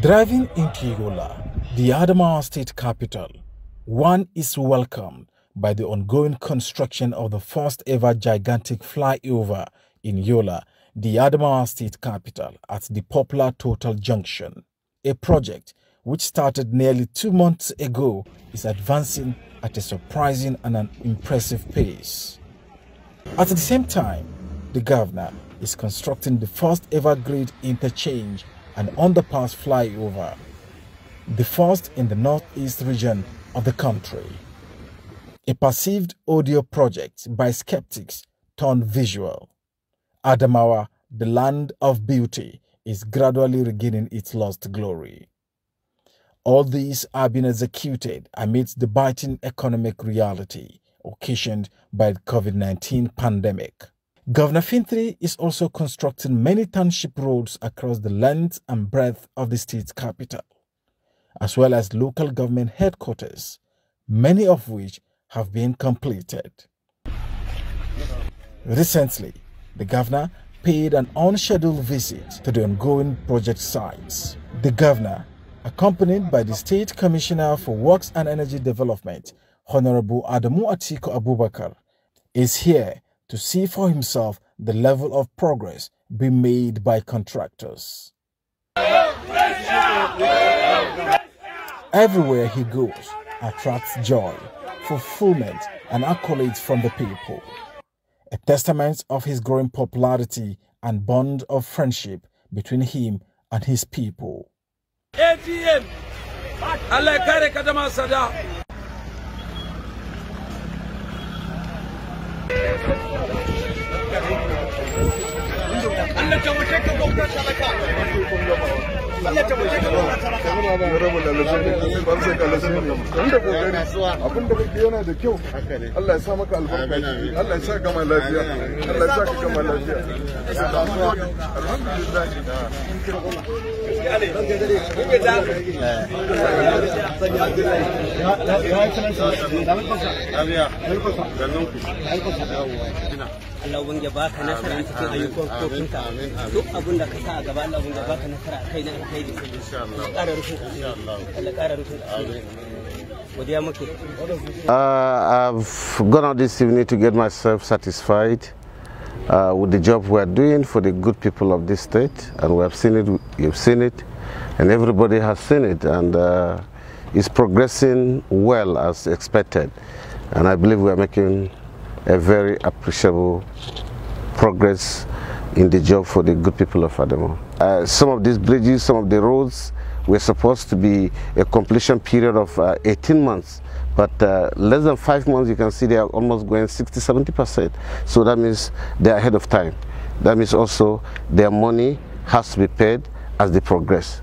Driving into Yola, the Adamawa state capital, one is welcomed by the ongoing construction of the first ever gigantic flyover in Yola, the Adamawa state capital, at the popular Total Junction. A project which started nearly two months ago is advancing at a surprising and an impressive pace. At the same time, the governor is constructing the first ever grade interchange and underpass flyover, the first in the northeast region of the country. A perceived audio project by skeptics turned visual. Adamawa, the land of beauty, is gradually regaining its lost glory. All these are being executed amidst the biting economic reality occasioned by the COVID 19 pandemic. Governor Fintri is also constructing many township roads across the length and breadth of the state capital, as well as local government headquarters, many of which have been completed. Recently, the governor paid an unscheduled visit to the ongoing project sites. The governor, accompanied by the State Commissioner for Works and Energy Development, Honorable Adamu Atiko Abubakar, is here to see for himself the level of progress being made by contractors. Everywhere he goes attracts joy, fulfillment, and accolades from the people. A testament of his growing popularity and bond of friendship between him and his people. ATM! Allah yana da kyau Allah ya sa maka albarka Allah ya sa gama lafiya Allah ya sa ka lafiya Allah ubangiji ya baka nasara a cikin ayyukan kofinka duk abin da ka sa a gaba Allah ubangiji ya baka nasara kai insha Allah ƙara Allah ƙara uh, I've gone out this evening to get myself satisfied uh, with the job we are doing for the good people of this state and we have seen it you've seen it and everybody has seen it and uh, it's progressing well as expected and I believe we are making a very appreciable progress in the job for the good people of Adamo. Uh, some of these bridges, some of the roads were supposed to be a completion period of uh, 18 months, but uh, less than five months you can see they are almost going 60-70%. So that means they are ahead of time. That means also their money has to be paid as they progress.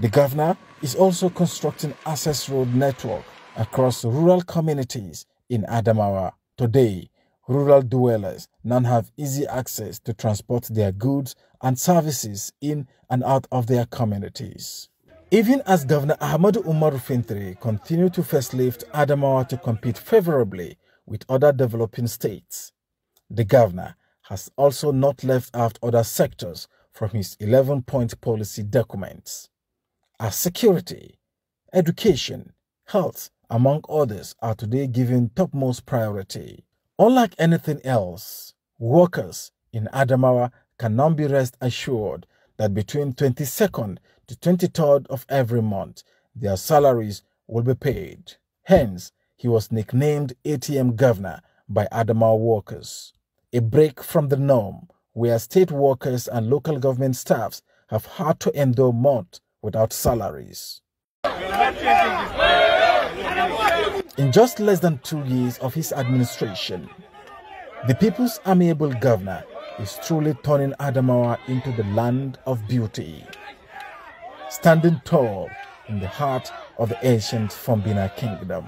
The governor is also constructing access road network across rural communities in Adamawa. Today, rural dwellers now have easy access to transport their goods and services in and out of their communities. Even as Governor Ahmadu Umar Fintri continued to first lift Adamawa to compete favorably with other developing states, the governor has also not left out other sectors from his 11-point policy documents as security, education, health, among others, are today given topmost priority. Unlike anything else, workers in Adamawa can now be rest assured that between 22nd to 23rd of every month, their salaries will be paid. Hence, he was nicknamed ATM Governor by Adamawa workers. A break from the norm, where state workers and local government staffs have had to endure months without salaries. In just less than two years of his administration, the people's amiable governor is truly turning Adamawa into the land of beauty, standing tall in the heart of the ancient Fombina kingdom.